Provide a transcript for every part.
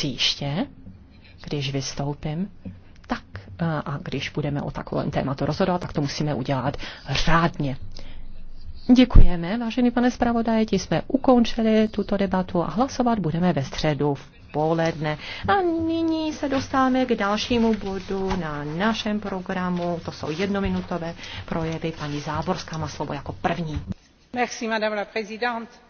příště, když vystoupím, tak eh, a když budeme o takovém tématu rozhodovat, tak to musíme udělat řádně. Děkujeme, vážený pane zpravodaje, ti jsme ukončili tuto debatu a hlasovat budeme ve středu v poledne. A nyní se dostáváme k dalšímu bodu na našem programu. To jsou jednominutové projevy. Paní Záborská má slovo jako první. Merci, madame la présidente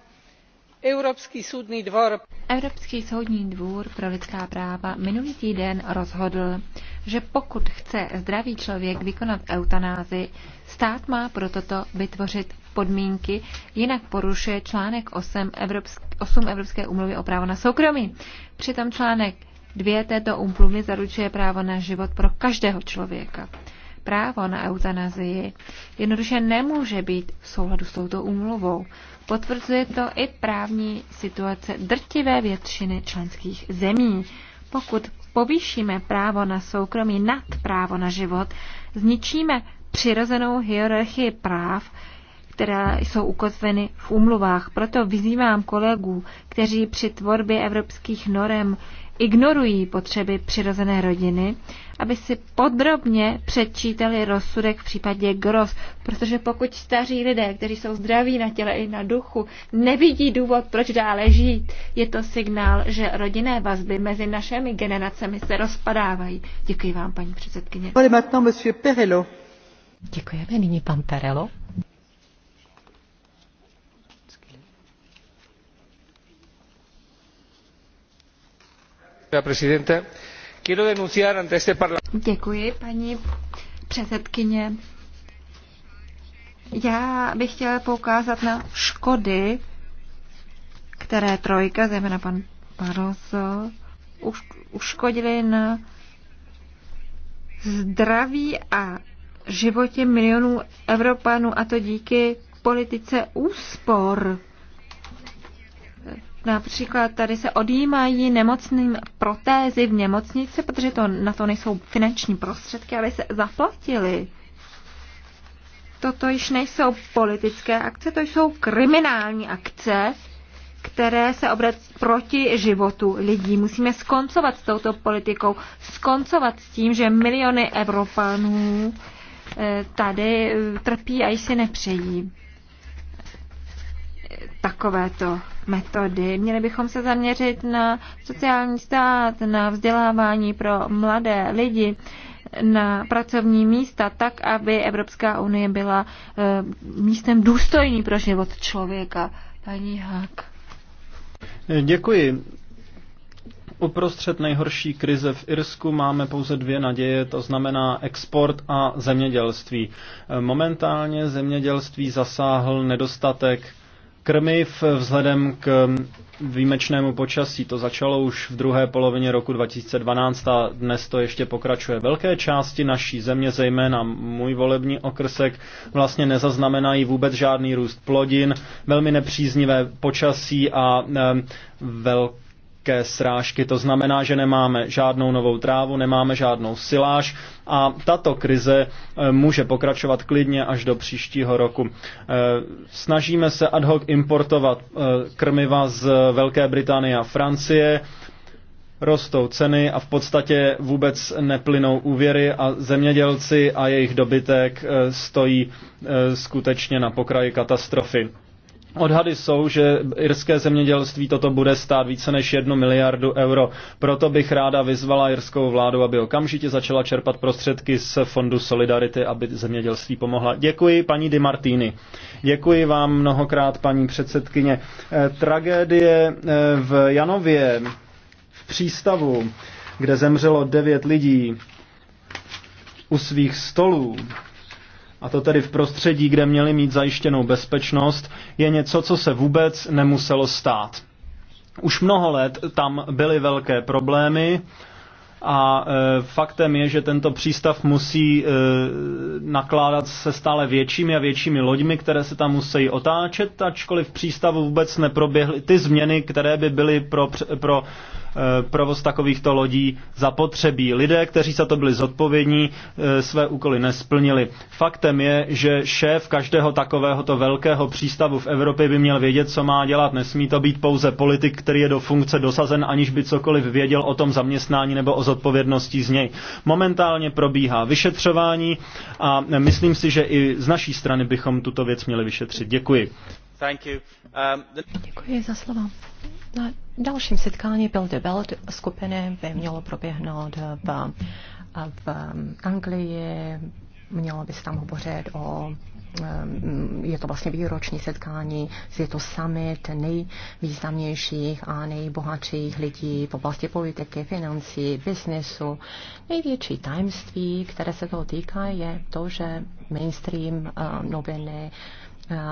Evropský soudní dvor. Evropský soudní dvůr pro lidská práva minulý týden rozhodl, že pokud chce zdravý člověk vykonat eutanázi, stát má pro toto vytvořit podmínky, jinak porušuje článek 8, Evropské, 8 Evropské umluvy o právo na soukromí. Přitom článek 2 této umluvy zaručuje právo na život pro každého člověka právo na eutanazii jednoduše nemůže být v souladu s touto úmluvou. Potvrzuje to i právní situace drtivé většiny členských zemí. Pokud povýšíme právo na soukromí nad právo na život, zničíme přirozenou hierarchii práv, která jsou ukotveny v úmluvách. Proto vyzývám kolegů, kteří při tvorbě evropských norem ignorují potřeby přirozené rodiny, aby si podrobně předčítali rozsudek v případě gros, protože pokud staří lidé, kteří jsou zdraví na těle i na duchu, nevidí důvod, proč dále žít, je to signál, že rodinné vazby mezi našimi generacemi se rozpadávají. Děkuji vám, paní předsedkyně. Děkujeme nyní pan Perelo. Děkuji, paní předsedkyně. Já bych chtěla poukázat na škody, které trojka, zejména pan Barroso, uškodily na zdraví a životě milionů Evropanů, a to díky politice úspor. Například tady se odjímají nemocným protézy v nemocnici, protože to, na to nejsou finanční prostředky, aby se zaplatili. Toto již nejsou politické akce, to jsou kriminální akce, které se obrací proti životu lidí. Musíme skoncovat s touto politikou, skoncovat s tím, že miliony Evropanů eh, tady eh, trpí a již si nepřejí takovéto metody. Měli bychom se zaměřit na sociální stát, na vzdělávání pro mladé lidi, na pracovní místa, tak, aby Evropská unie byla eh, místem důstojný pro život člověka. Paní Hák. Děkuji. Uprostřed nejhorší krize v Irsku máme pouze dvě naděje, to znamená export a zemědělství. Momentálně zemědělství zasáhl nedostatek krmiv vzhledem k výjimečnému počasí. To začalo už v druhé polovině roku 2012 a dnes to ještě pokračuje. Velké části naší země, zejména můj volební okrsek, vlastně nezaznamenají vůbec žádný růst plodin, velmi nepříznivé počasí a velké ke srážky. To znamená, že nemáme žádnou novou trávu, nemáme žádnou siláž a tato krize eh, může pokračovat klidně až do příštího roku. Eh, snažíme se ad hoc importovat eh, krmiva z Velké Británie a Francie, rostou ceny a v podstatě vůbec neplynou úvěry a zemědělci a jejich dobytek stojí skutečně na pokraji katastrofy. Odhady jsou, že irské zemědělství toto bude stát více než jednu miliardu euro. Proto bych ráda vyzvala irskou vládu, aby okamžitě začala čerpat prostředky z Fondu Solidarity, aby zemědělství pomohla. Děkuji paní Di Martini. Děkuji vám mnohokrát, paní předsedkyně. Eh, tragédie eh, v Janově, v přístavu, kde zemřelo devět lidí u svých stolů, a to tedy v prostředí, kde měli mít zajištěnou bezpečnost, je něco, co se vůbec nemuselo stát. Už mnoho let tam byly velké problémy, a e, faktem je, že tento přístav musí e, nakládat se stále většími a většími loďmi, které se tam musí otáčet, ačkoliv v přístavu vůbec neproběhly ty změny, které by byly pro, pro e, provoz takovýchto lodí zapotřebí. Lidé, kteří za to byli zodpovědní, své úkoly nesplnili. Faktem je, že šéf každého takovéhoto velkého přístavu v Evropě by měl vědět, co má dělat. Nesmí to být pouze politik, který je do funkce dosazen, aniž by cokoliv věděl o tom zaměstnání nebo o zodpovědností z něj. Momentálně probíhá vyšetřování a myslím si, že i z naší strany bychom tuto věc měli vyšetřit. Děkuji. Um, Děkuji za slova. Na dalším setkání byl Belt skupiny by mělo proběhnout v, v Anglii mělo by se tam hovořit o ehm, je to vlastně výroční setkání, je to summit nejvýznamnějších a nejbohatších lidí v oblasti politiky, financí, biznesu. Největší tajemství, které se toho týká, je to, že mainstream ehm, noviny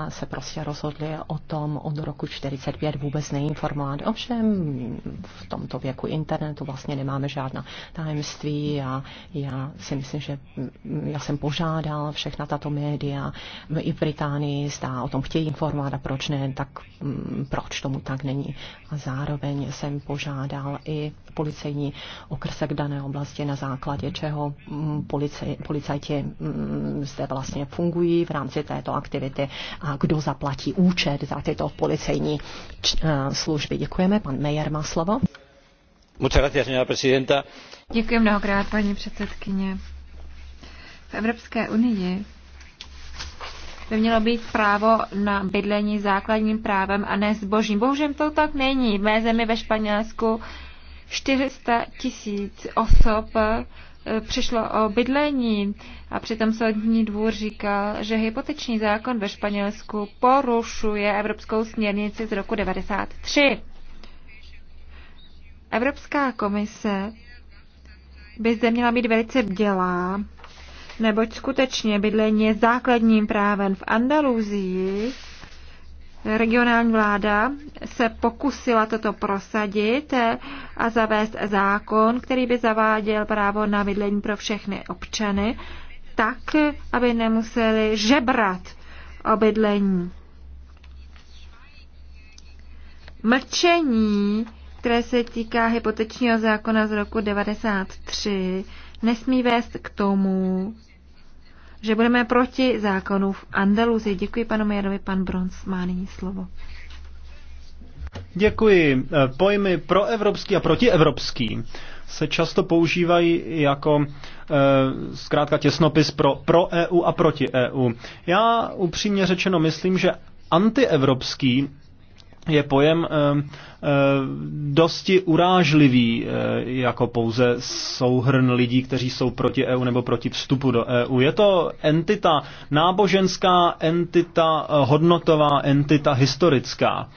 se prostě rozhodli o tom od roku 45 vůbec neinformovat. Ovšem v tomto věku internetu vlastně nemáme žádná tajemství a já si myslím, že já jsem požádal všechna tato média i v Británii, zda o tom chtějí informovat a proč ne, tak mm, proč tomu tak není. A zároveň jsem požádal i policejní okrsek dané oblasti na základě čeho mm, policaj, policajti mm, zde vlastně fungují v rámci této aktivity, a kdo zaplatí účet za tyto policejní eh, služby. Děkujeme. Pan Mejer má slovo. Děkuji mnohokrát, paní předsedkyně. V Evropské unii by mělo být právo na bydlení základním právem a ne zbožím. Bohužel to tak není. V mé zemi ve Španělsku 400 tisíc osob Eh, přišlo o bydlení a přitom soudní dvůr říkal, že hypoteční zákon ve Španělsku porušuje Evropskou směrnici z roku 1993. Evropská komise by zde měla být velice bdělá, neboť skutečně bydlení je základním právem v Andaluzii. Regionální vláda se pokusila toto prosadit a zavést zákon, který by zaváděl právo na bydlení pro všechny občany, tak, aby nemuseli žebrat o bydlení. Mlčení, které se týká hypotečního zákona z roku 93, nesmí vést k tomu, že budeme proti zákonu v Andaluzi. Děkuji panu Mejerovi, pan Brons má nyní slovo. Děkuji. Eh, pojmy proevropský a protievropský se často používají jako eh, zkrátka těsnopis pro, pro EU a proti EU. Já upřímně řečeno myslím, že antievropský je pojem eh, dosti urážlivý jako pouze souhrn lidí, kteří jsou proti EU nebo proti vstupu do EU. Je to entita náboženská, entita hodnotová, entita historická.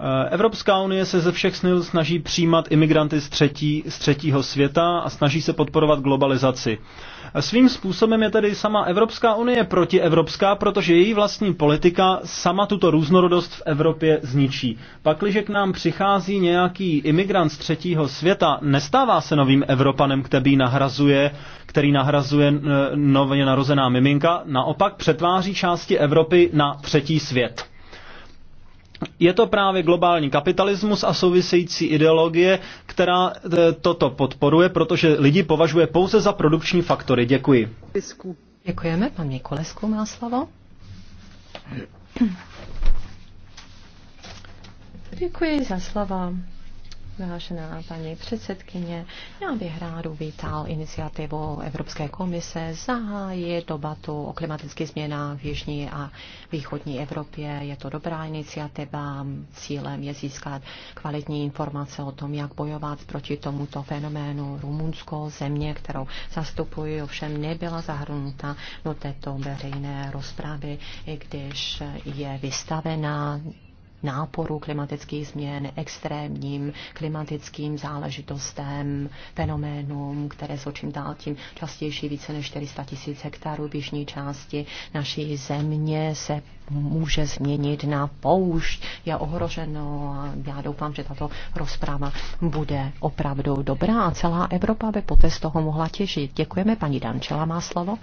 Eh, Evropská unie se ze všech snil snaží přijímat imigranty z, třetí, z třetího světa a snaží se podporovat globalizaci. Eh, svým způsobem je tedy sama Evropská unie protievropská, protože její vlastní politika sama tuto různorodost v Evropě zničí. Pakliže k nám přichází nějaký imigrant z třetího světa, nestává se novým Evropanem, který nahrazuje, který nahrazuje eh, nově narozená miminka, naopak přetváří části Evropy na třetí svět je to právě globální kapitalismus a související ideologie, která e, toto podporuje, protože lidi považuje pouze za produkční faktory. Děkuji. Děkujeme. Pan Mikulesku má slovo. Děkuji za slova. Vážená paní předsedkyně, já bych rád uvítal iniciativu Evropské komise zahájit debatu o klimatických změnách v Jižní a Východní Evropě. Je to dobrá iniciativa, cílem je získat kvalitní informace o tom, jak bojovat proti tomuto fenoménu. Rumunsko, země, kterou zastupuji, ovšem nebyla zahrnuta do této veřejné rozpravy, i když je vystavená náporu klimatických změn, extrémním klimatickým záležitostem, fenoménům, které jsou čím dál tím častější více než 400 tisíc hektarů v jižní části naší země se může změnit na poušť, je ohroženo a já doufám, že tato rozpráva bude opravdu dobrá a celá Evropa by poté z toho mohla těžit. Děkujeme, paní Dančela má slovo.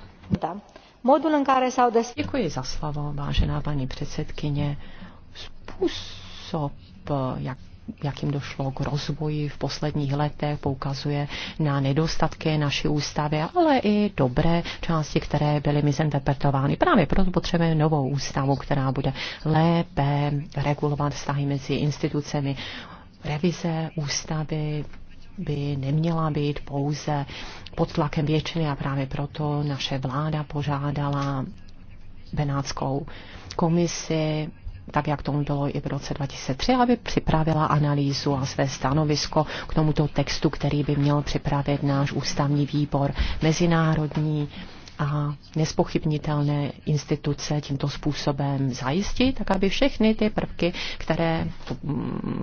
Děkuji za slovo, vážená paní předsedkyně. Způsob, jak jakým došlo k rozvoji v posledních letech, poukazuje na nedostatky naší ústavy, ale i dobré části, které byly misinterpretovány. Právě proto potřebujeme novou ústavu, která bude lépe regulovat vztahy mezi institucemi. Revize ústavy by neměla být pouze pod tlakem většiny a právě proto naše vláda požádala Benátskou komisi tak jak tomu bylo i v roce 2003, aby připravila analýzu a své stanovisko k tomuto textu, který by měl připravit náš ústavní výbor mezinárodní a nespochybnitelné instituce tímto způsobem zajistit, tak aby všechny ty prvky, které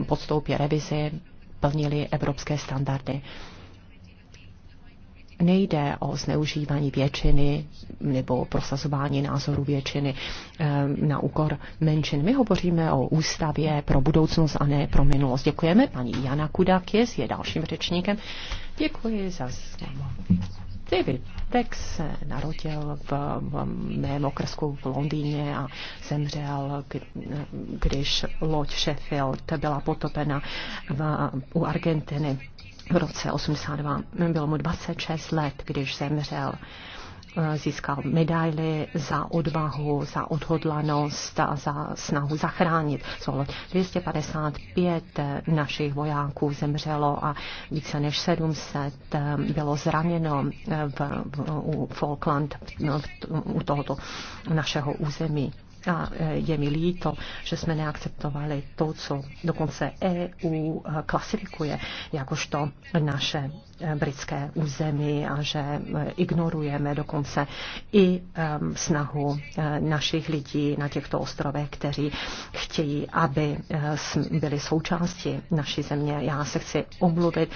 podstoupí revizi, plnily evropské standardy nejde o zneužívání většiny nebo prosazování názoru většiny eh, na úkor menšin. My hovoříme o ústavě pro budoucnost a ne pro minulost. Děkujeme. Paní Jana Kudakis je dalším řečníkem. Děkuji za slovo. David Beck se narodil v, v mém okrsku v Londýně a zemřel, když loď Sheffield byla potopena v, u Argentiny v roce 82 bylo mu 26 let, když zemřel. Eh, získal medaily za odvahu, za odhodlanost a za snahu zachránit. 255 eh, našich vojáků zemřelo a více než 700 eh, bylo zraněno v, v, u Falkland v, u tohoto našeho území. A e, je mi líto, že jsme neakceptovali to, co dokonce EU e, klasifikuje jakožto naše e, britské území a že ignorujeme dokonce i snahu našich lidí na těchto ostrovech, kteří chtějí, aby byli součástí naší země. Já se chci omluvit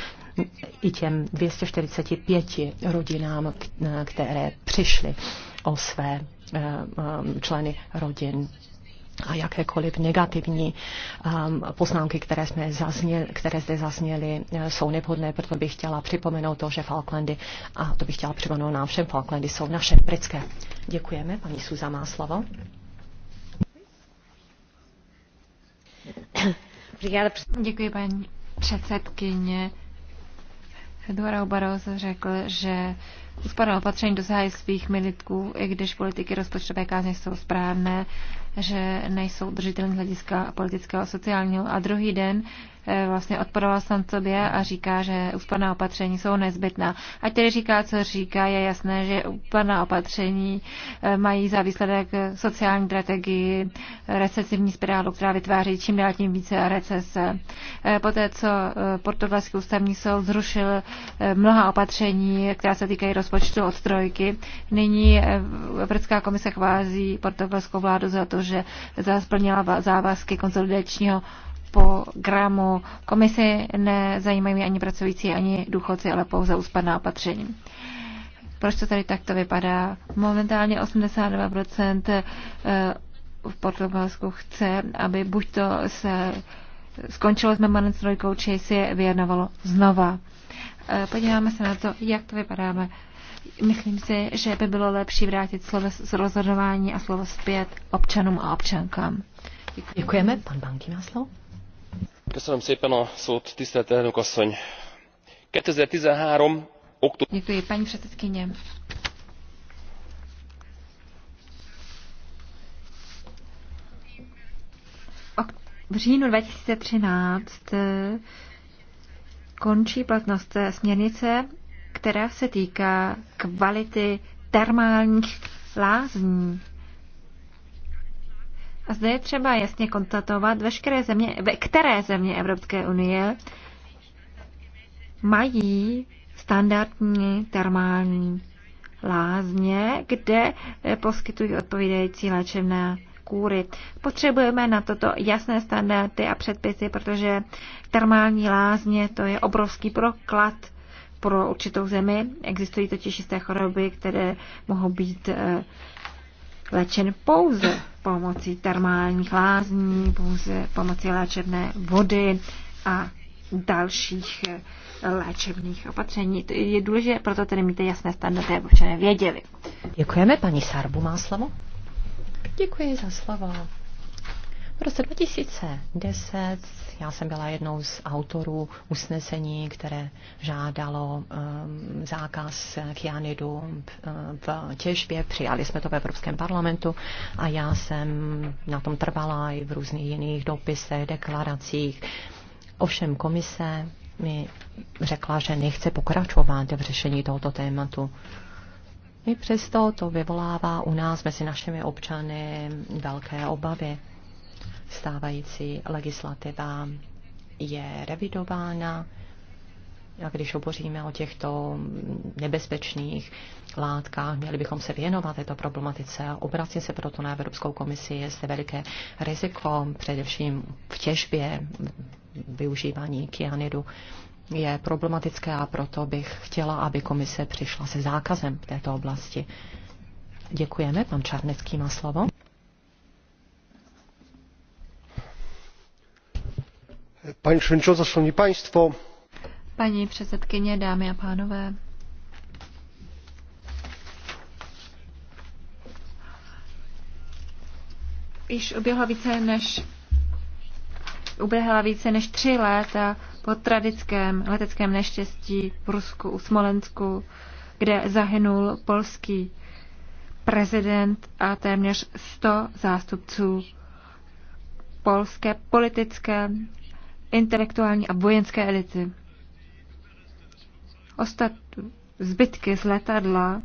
i těm 245 rodinám, které přišly o své Eh, eh, členy rodin a jakékoliv negativní um, poznámky, které, jsme zazněli, které zde zazněly, eh, jsou nevhodné, proto bych chtěla připomenout to, že Falklandy, a to bych chtěla připomenout nám všem, Falklandy jsou naše britské. Děkujeme, paní Suza má slovo. Děkuji, paní předsedkyně. Eduardo Barroso řekl, že úsporné opatření dosahají svých militků, i když politiky rozpočtové kázně jsou správné, že nejsou držitelné z hlediska politického a sociálního. A druhý den Eh, vlastně odporoval sám sobě a říká, že úsporná opatření jsou nezbytná. Ať tedy říká, co říká, je jasné, že úsporná opatření eh, mají za výsledek sociální strategii, recesivní spirálu, která vytváří čím dál tím více recese. Eh, poté, co portugalský ústavní soud zrušil mnoha opatření, která se týkají rozpočtu od trojky, nyní Evropská komise chvází portugalskou vládu za to, že zasplnila závazky konsolidačního po gramu komisi nezajímají ani pracující, ani důchodci, ale pouze úspadná opatření. Proč to tady takto vypadá? Momentálně 82% eh, v Portugalsku chce, aby buď to se skončilo s Memanet trojkou, či si je vyjednovalo znova. Eh, podíváme se na to, jak to vypadáme. Myslím si, že by bylo lepší vrátit slovo z rozhodování a slovo zpět občanům a občankám. Děkujeme. Pan Banky má slovo. Děkuji, paní předsedkyně. V říjnu 2013 eh, končí platnost eh, směrnice, která se týká kvality termálních lázní. A zde je třeba jasně konstatovat, veškeré země, které země Evropské unie mají standardní termální lázně, kde eh, poskytují odpovídající léčebné kůry. Potřebujeme na toto jasné standardy a předpisy, protože termální lázně to je obrovský proklad pro určitou zemi. Existují totiž jisté choroby, které mohou být eh, léčen pouze pomocí termálních lázní, pouze pomocí léčebné vody a dalších eh, léčebných opatření. Je důležité proto tedy mít jasné standardy, aby občané věděli. Děkujeme. Paní Sarbu má slovo. Děkuji za slovo. V roce 2010 já jsem byla jednou z autorů usnesení, které žádalo um, zákaz kyanidu um, v těžbě. Přijali jsme to v Evropském parlamentu a já jsem na tom trvala i v různých jiných dopisech, deklaracích. Ovšem komise mi řekla, že nechce pokračovat v řešení tohoto tématu. I přesto to vyvolává u nás mezi našimi občany velké obavy. Stávající legislativa je revidována a když hovoříme o těchto nebezpečných látkách, měli bychom se věnovat této problematice. Obracím se proto na Evropskou komisi, jestli veliké riziko, především v těžbě využívání kyanidu, je problematické a proto bych chtěla, aby komise přišla se zákazem v této oblasti. Děkujeme, pan Čarnecký má slovo. Paní předsedkyně, dámy a pánové. Již uběhlo více než uběhla více než tři léta po tragickém leteckém neštěstí v Rusku u Smolensku, kde zahynul polský prezident a téměř 100 zástupců polské politické intelektuální a vojenské elity. Ostat zbytky z letadla,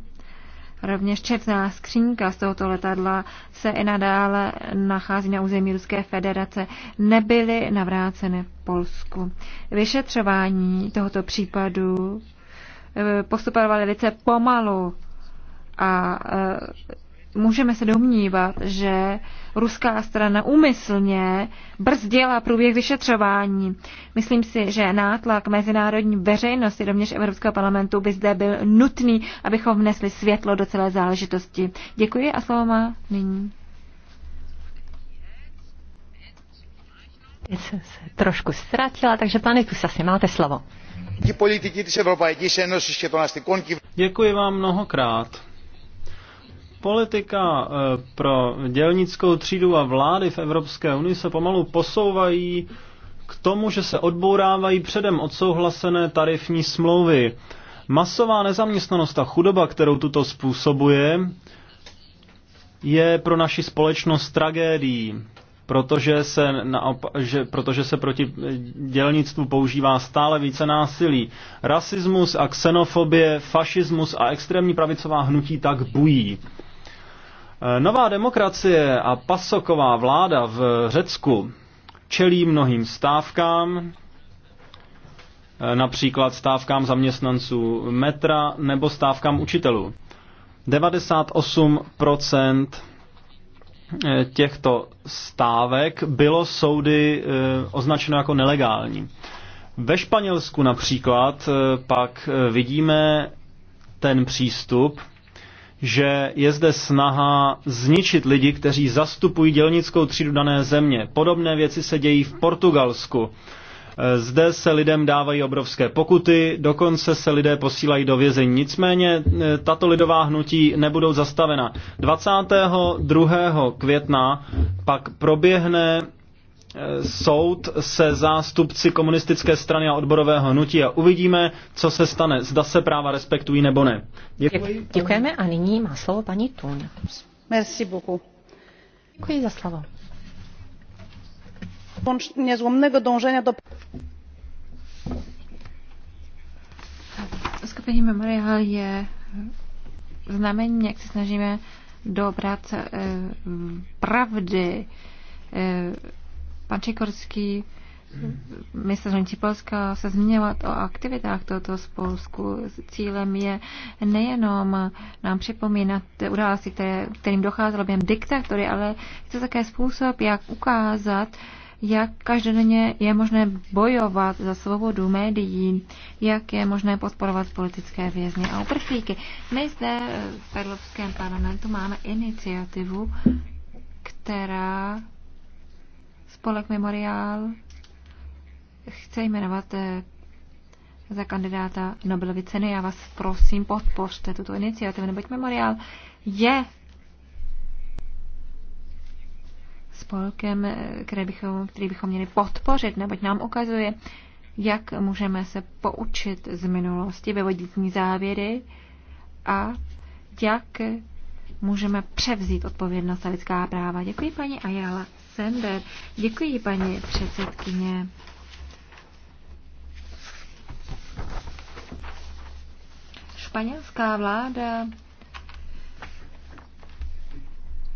rovněž černá skřínka z tohoto letadla se i nadále nachází na území Ruské federace, nebyly navráceny Polsku. Vyšetřování tohoto případu eh, postupovalo velice pomalu a eh, můžeme se domnívat, že ruská strana úmyslně brzdila průběh vyšetřování. Myslím si, že nátlak mezinárodní veřejnosti, rovněž Evropského parlamentu, by zde byl nutný, abychom vnesli světlo do celé záležitosti. Děkuji a slovo má nyní. Teď jsem se trošku ztratila, takže pane Kusasi, máte slovo. Děkuji vám mnohokrát. Politika eh, pro dělnickou třídu a vlády v Evropské unii se pomalu posouvají k tomu, že se odbourávají předem odsouhlasené tarifní smlouvy. Masová nezaměstnanost a chudoba, kterou tuto způsobuje, je pro naši společnost tragédií, protože se, naopa- že, protože se proti eh, dělnictvu používá stále více násilí. Rasismus a xenofobie, fašismus a extrémní pravicová hnutí tak bují. Eh, Nová demokracie a pasoková vláda v Řecku čelí mnohým stávkám, eh, například stávkám zaměstnanců metra nebo stávkám učitelů. 98% eh, těchto stávek bylo soudy označeno jako nelegální. Ve Španělsku například pak vidíme ten přístup, že je zde snaha zničit lidi, kteří zastupují dělnickou třídu dané země. Podobné věci se dějí v Portugalsku. Eh, zde se lidem dávají obrovské pokuty, dokonce se lidé posílají do vězení. Nicméně eh, tato lidová hnutí nebudou zastavena. 22. května pak proběhne soud se zástupci komunistické strany a odborového hnutí a uvidíme, co se stane, zda se práva respektují nebo ne. Děkuji. Děkujeme a nyní má slovo paní Tun. Merci beaucoup. Děkuji za slovo. Nezlomného dążenia do... Skupení Memorial je znamení, jak se snažíme dobrat eh, pravdy eh, Pan Čikorský, ministr zahraničí Polska, se zmiňovat o aktivitách tohoto spolku. Cílem je nejenom nám připomínat události, které, kterým docházelo během diktatury, ale je to také způsob, jak ukázat, jak každodenně je možné bojovat za svobodu médií, jak je možné podporovat politické vězně a uprchlíky. My zde v Perlovském parlamentu máme iniciativu, která Spolek Memoriál chce jmenovat eh, za kandidáta Nobelovy ceny. Já vás prosím, podpořte tuto iniciativu, neboť Memoriál je spolkem, eh, který bychom, který bychom měli podpořit, neboť nám ukazuje, jak můžeme se poučit z minulosti, vyvodit ní závěry a jak můžeme převzít odpovědnost za lidská práva. Děkuji paní Ayala Sender. Děkuji, paní předsedkyně. Španělská vláda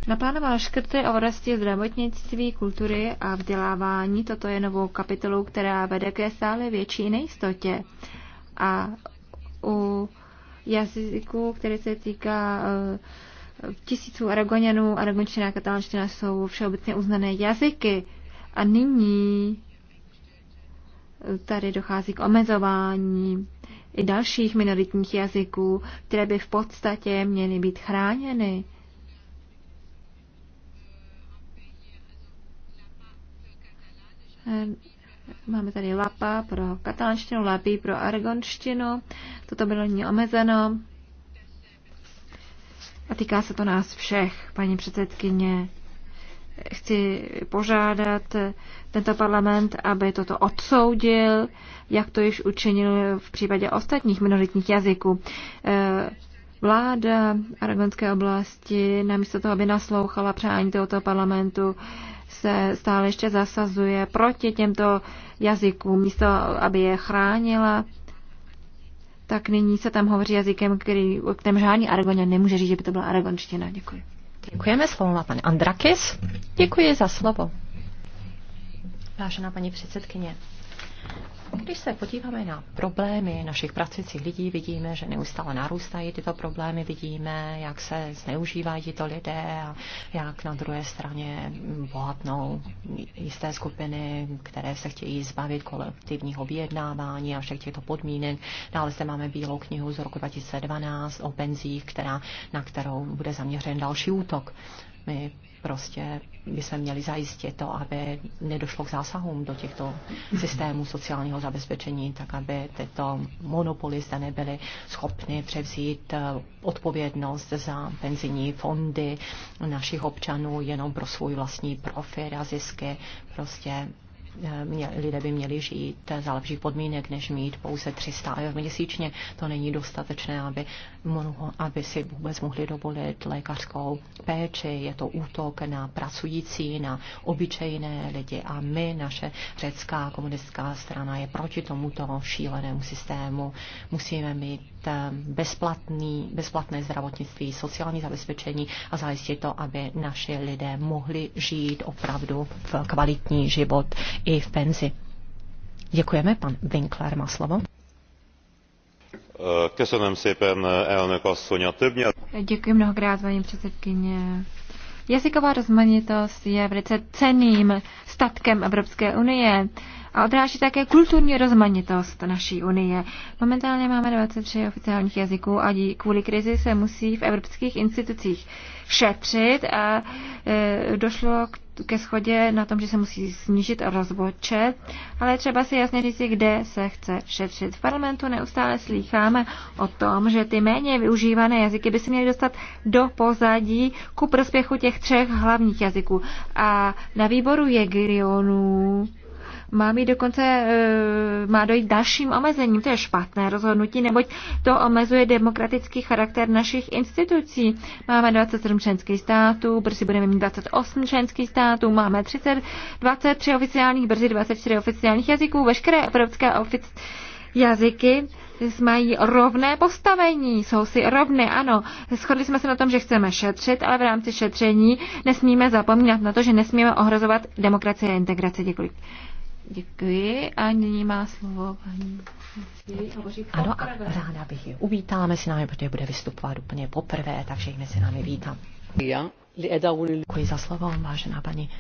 naplánovala škrty o oblasti zdravotnictví, kultury a vzdělávání. Toto je novou kapitolou, která vede ke stále větší nejistotě. A u jazyku, který se týká uh, tisíců Aragoněnů, Aragončina a katalonština jsou všeobecně uznané jazyky. A nyní tady dochází k omezování i dalších minoritních jazyků, které by v podstatě měly být chráněny. Máme tady lapa pro katalanštinu, lapí pro argonštinu. Toto bylo nyní omezeno a týká se to nás všech, paní předsedkyně. Chci požádat tento parlament, aby toto odsoudil, jak to již učinil v případě ostatních minoritních jazyků. Eh, vláda aragonské oblasti, namísto toho, aby naslouchala přání tohoto parlamentu, se stále ještě zasazuje proti těmto jazykům, místo aby je chránila, tak nyní se tam hovoří jazykem, který, o kterém žádný Aragoně nemůže říct, že by to byla aragonština. Děkuji. Děkujeme slovo na paní Andrakis. Děkuji za slovo. Vážená paní předsedkyně, když se podíváme na problémy našich pracujících lidí, vidíme, že neustále narůstají tyto problémy, vidíme, jak se zneužívají tyto lidé a jak na druhé straně bohatnou jisté skupiny, které se chtějí zbavit kolektivního vyjednávání a všech těchto podmínek. Dále zde máme Bílou knihu z roku 2012 o penzích, která, na kterou bude zaměřen další útok. My prostě by se měli zajistit to, aby nedošlo k zásahům do těchto systémů sociálního zabezpečení, tak aby tyto monopolisté nebyly schopny převzít eh, odpovědnost za penzijní fondy našich občanů jenom pro svůj vlastní profit a zisky. Prostě Eh, mě, lidé by měli žít za lepších podmínek, než mít pouze 300 eur měsíčně. To není dostatečné, aby, mohlo, aby si vůbec mohli dovolit lékařskou péči. Je to útok na pracující, na obyčejné lidi a my, naše řecká komunistická strana, je proti tomuto šílenému systému. Musíme mít Eh, bezplatný, bezplatné zdravotnictví, sociální zabezpečení a zajistit to, aby naši lidé mohli žít opravdu v kvalitní život i v penzi. Děkujeme, pan Winkler má slovo. Eh, eh, Děkuji mnohokrát, paní předsedkyně. Jazyková rozmanitost je velice ceným statkem Evropské unie a odráží také kulturní rozmanitost naší unie. Momentálně máme 23 oficiálních jazyků a kvůli krizi se musí v evropských institucích šetřit a e, došlo k ke schodě na tom, že se musí snížit rozpočet, ale třeba si jasně říct, kde se chce šetřit. V parlamentu neustále slýcháme o tom, že ty méně využívané jazyky by se měly dostat do pozadí ku prospěchu těch třech hlavních jazyků. A na výboru regionů má mít dokonce, e, má dojít dalším omezením. To je špatné rozhodnutí, neboť to omezuje demokratický charakter našich institucí. Máme 27 členských států, brzy budeme mít 28 členských států, máme 30, 23 oficiálních, brzy 24 oficiálních jazyků, veškeré evropské ofic jazyky mají rovné postavení, jsou si rovné, ano. Shodli jsme se na tom, že chceme šetřit, ale v rámci šetření nesmíme zapomínat na to, že nesmíme ohrozovat demokracie a integraci. Děkuji. Děkuji a nyní má slovo paní. Ano, a ráda bych je uvítala mezi námi, protože bude vystupovat úplně poprvé, takže ji mezi námi vítám. Děkuji za slovo, vážená paní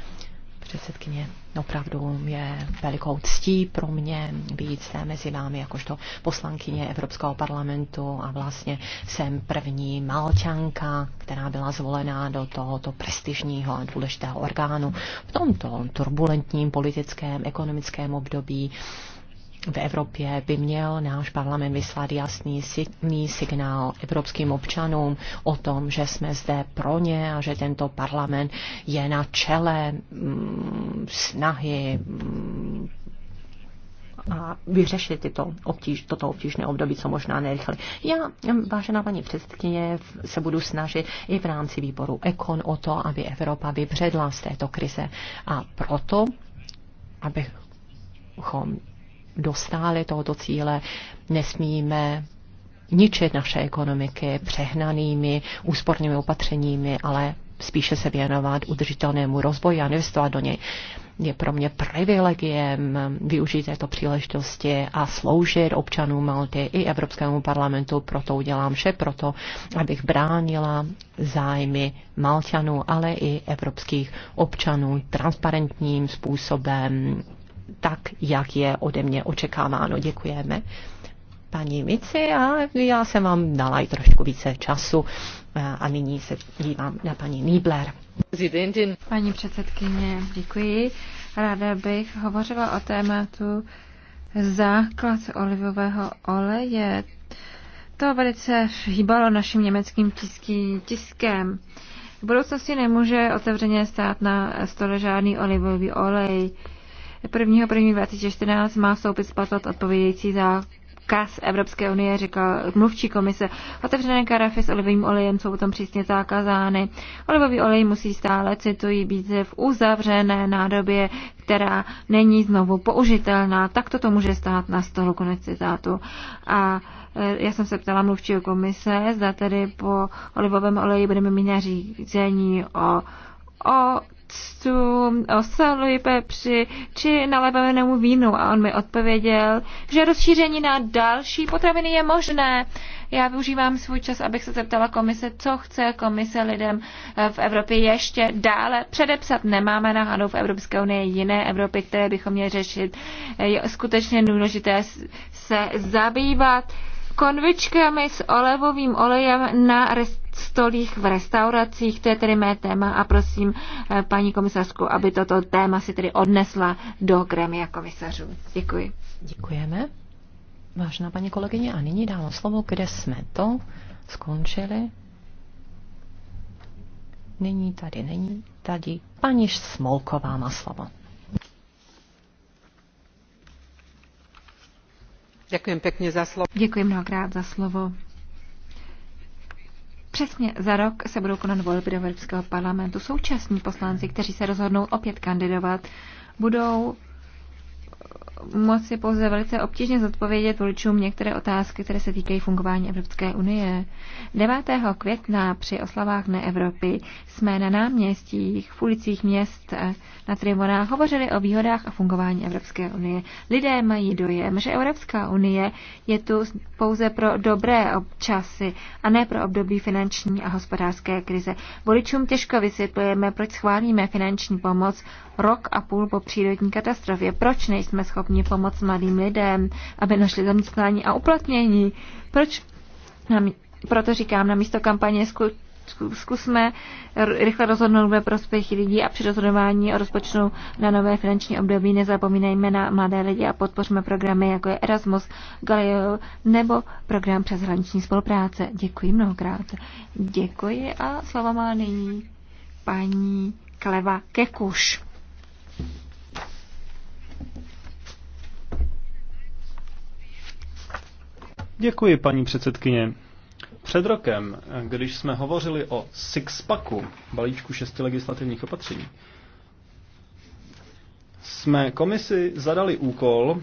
předsedkyně. Opravdu je velikou ctí pro mě být zde mezi vámi jakožto poslankyně Evropského parlamentu a vlastně jsem první malčanka, která byla zvolená do tohoto prestižního a důležitého orgánu v tomto turbulentním politickém, ekonomickém období v Evropě by měl náš parlament vyslat jasný signál evropským občanům o tom, že jsme zde pro ně a že tento parlament je na čele mm, snahy mm, a vyřešit tyto obtíž, toto obtížné období, co možná nerychle. Já, vážená paní předsedkyně, se budu snažit i v rámci výboru Ekon o to, aby Evropa vybředla z této krize. A proto, abychom dostáli tohoto cíle, nesmíme ničit naše ekonomiky přehnanými úspornými opatřeními, ale spíše se věnovat udržitelnému rozvoji a investovat do něj. Je pro mě privilegiem využít této příležitosti a sloužit občanům Malty i Evropskému parlamentu. Proto udělám vše, proto abych bránila zájmy Malťanů, ale i evropských občanů transparentním způsobem tak, jak je ode mě očekáváno. Děkujeme paní Mici a já jsem vám dala i trošku více času a nyní se dívám na paní Niebler. Paní předsedkyně, děkuji. Ráda bych hovořila o tématu základ olivového oleje. To velice hýbalo naším německým tisky, tiskem. V budoucnosti nemůže otevřeně stát na stole žádný olivový olej. 2014 má vstoupit spatat odpovědějící za zákaz Evropské unie, řekla mluvčí komise. Otevřené karafy s olivovým olejem jsou potom přísně zakázány. Olivový olej musí stále, citují, být v uzavřené nádobě, která není znovu použitelná. Tak toto může stát na stolu, konec citátu. A e, já jsem se ptala mluvčího komise, zda tedy po olivovém oleji budeme mít nařízení o, o octu, osoli, pepři či nalevenému vínu. A on mi odpověděl, že rozšíření na další potraviny je možné. Já využívám svůj čas, abych se zeptala komise, co chce komise lidem eh, v Evropě ještě dále předepsat. Nemáme náhodou v Evropské unii jiné Evropy, které bychom měli řešit. Eh, je skutečně důležité se zabývat konvičkami s olevovým olejem na restauraci stolích v restauracích. To je tedy mé téma a prosím eh, paní komisařku, aby toto téma si tedy odnesla do gremia komisařů. Děkuji. Děkujeme. Vážená paní kolegyně, a nyní dám slovo, kde jsme to skončili. Není tady, není tady. Paní Smolková má slovo. Děkuji pěkně za slovo. Děkuji mnohokrát za slovo. Přesně za rok se budou konat volby do Evropského parlamentu. Současní poslanci, kteří se rozhodnou opět kandidovat, budou moci pouze velice obtížně zodpovědět voličům některé otázky, které se týkají fungování Evropské unie. 9. května při oslavách Dne Evropy jsme na náměstích, v ulicích měst, na tribunách hovořili o výhodách a fungování Evropské unie. Lidé mají dojem, že Evropská unie je tu pouze pro dobré občasy a ne pro období finanční a hospodářské krize. Voličům těžko vysvětlujeme, proč schválíme finanční pomoc rok a půl po přírodní katastrofě, proč nejsme schopni konkrétně pomoc mladým lidem, aby našli zaměstnání a uplatnění. Proč? Proto říkám, na místo kampaně zkusme rychle rozhodnout ve prospěch lidí a při rozhodování o rozpočtu na nové finanční období nezapomínejme na mladé lidi a podpořme programy jako je Erasmus, Galileo nebo program přeshraniční spolupráce. Děkuji mnohokrát. Děkuji a slovo má nyní paní Kleva Kekuš. Děkuji, paní předsedkyně. Před rokem, když jsme hovořili o Sixpacku, balíčku šesti legislativních opatření, jsme komisi zadali úkol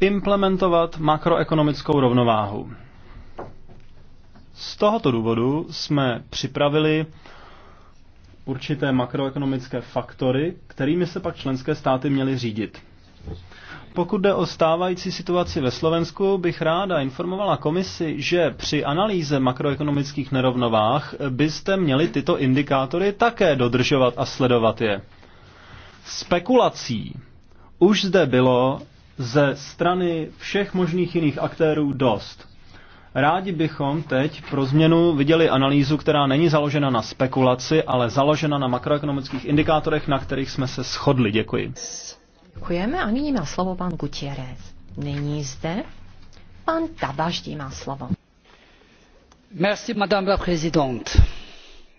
implementovat makroekonomickou rovnováhu. Z tohoto důvodu jsme připravili určité makroekonomické faktory, kterými se pak členské státy měly řídit. Pokud jde o stávající situaci ve Slovensku, bych ráda informovala komisi, že při analýze makroekonomických nerovnovách byste měli tyto indikátory také dodržovat a sledovat je. Spekulací už zde bylo ze strany všech možných jiných aktérů dost. Rádi bychom teď pro změnu viděli analýzu, která není založena na spekulaci, ale založena na makroekonomických indikátorech, na kterých jsme se shodli. Děkuji. Děkujeme a nyní má slovo pan Gutierrez. Není zde. Pan Tabaždí má slovo. Merci, madame la présidente.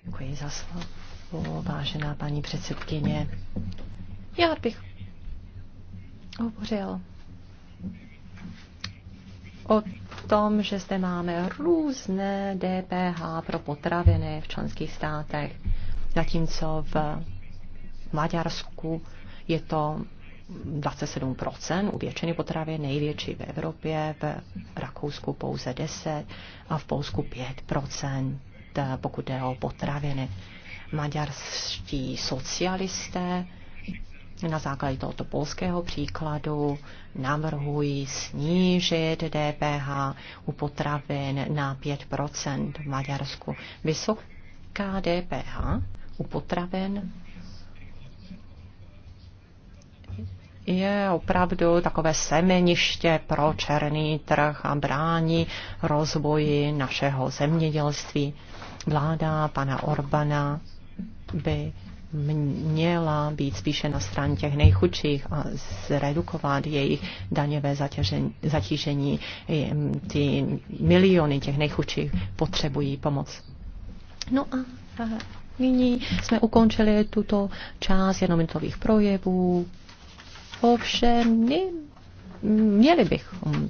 Děkuji za slovo, vážená paní předsedkyně. Já bych hovořil o tom, že zde máme různé DPH pro potraviny v členských státech, zatímco v Maďarsku je to 27% u většiny potravy, největší v Evropě, v Rakousku pouze 10 a v Polsku 5%, pokud jde o potraviny. Maďarští socialisté na základě tohoto polského příkladu navrhují snížit DPH u potravin na 5% v Maďarsku. Vysoká DPH u potravin je opravdu takové semeniště pro černý trh a brání rozvoji našeho zemědělství. Vláda pana Orbana by měla být spíše na straně těch nejchudších a zredukovat jejich daňové zatěžení, zatížení. Ty miliony těch nejchudších potřebují pomoc. No a nyní jsme ukončili tuto část jednomintových projevů. Ovšem, my měli bychom.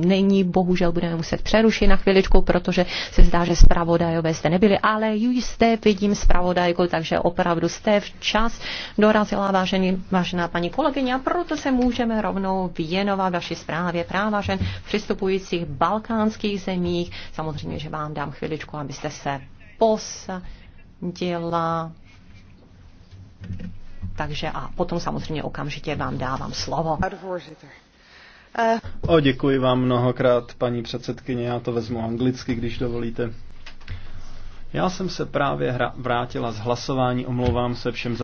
Není, bohužel budeme muset přerušit na chviličku, protože se zdá, že zpravodajové jste nebyli, ale jste, vidím zpravodajku, takže opravdu jste včas dorazila, vážený, vážená paní kolegyně, a proto se můžeme rovnou věnovat vaší zprávě práva žen v přistupujících balkánských zemích. Samozřejmě, že vám dám chviličku, abyste se posadila takže a potom samozřejmě okamžitě vám dávám slovo. O, děkuji vám mnohokrát, paní předsedkyně, já to vezmu anglicky, když dovolíte. Já jsem se právě hra, vrátila z hlasování, omlouvám se všem za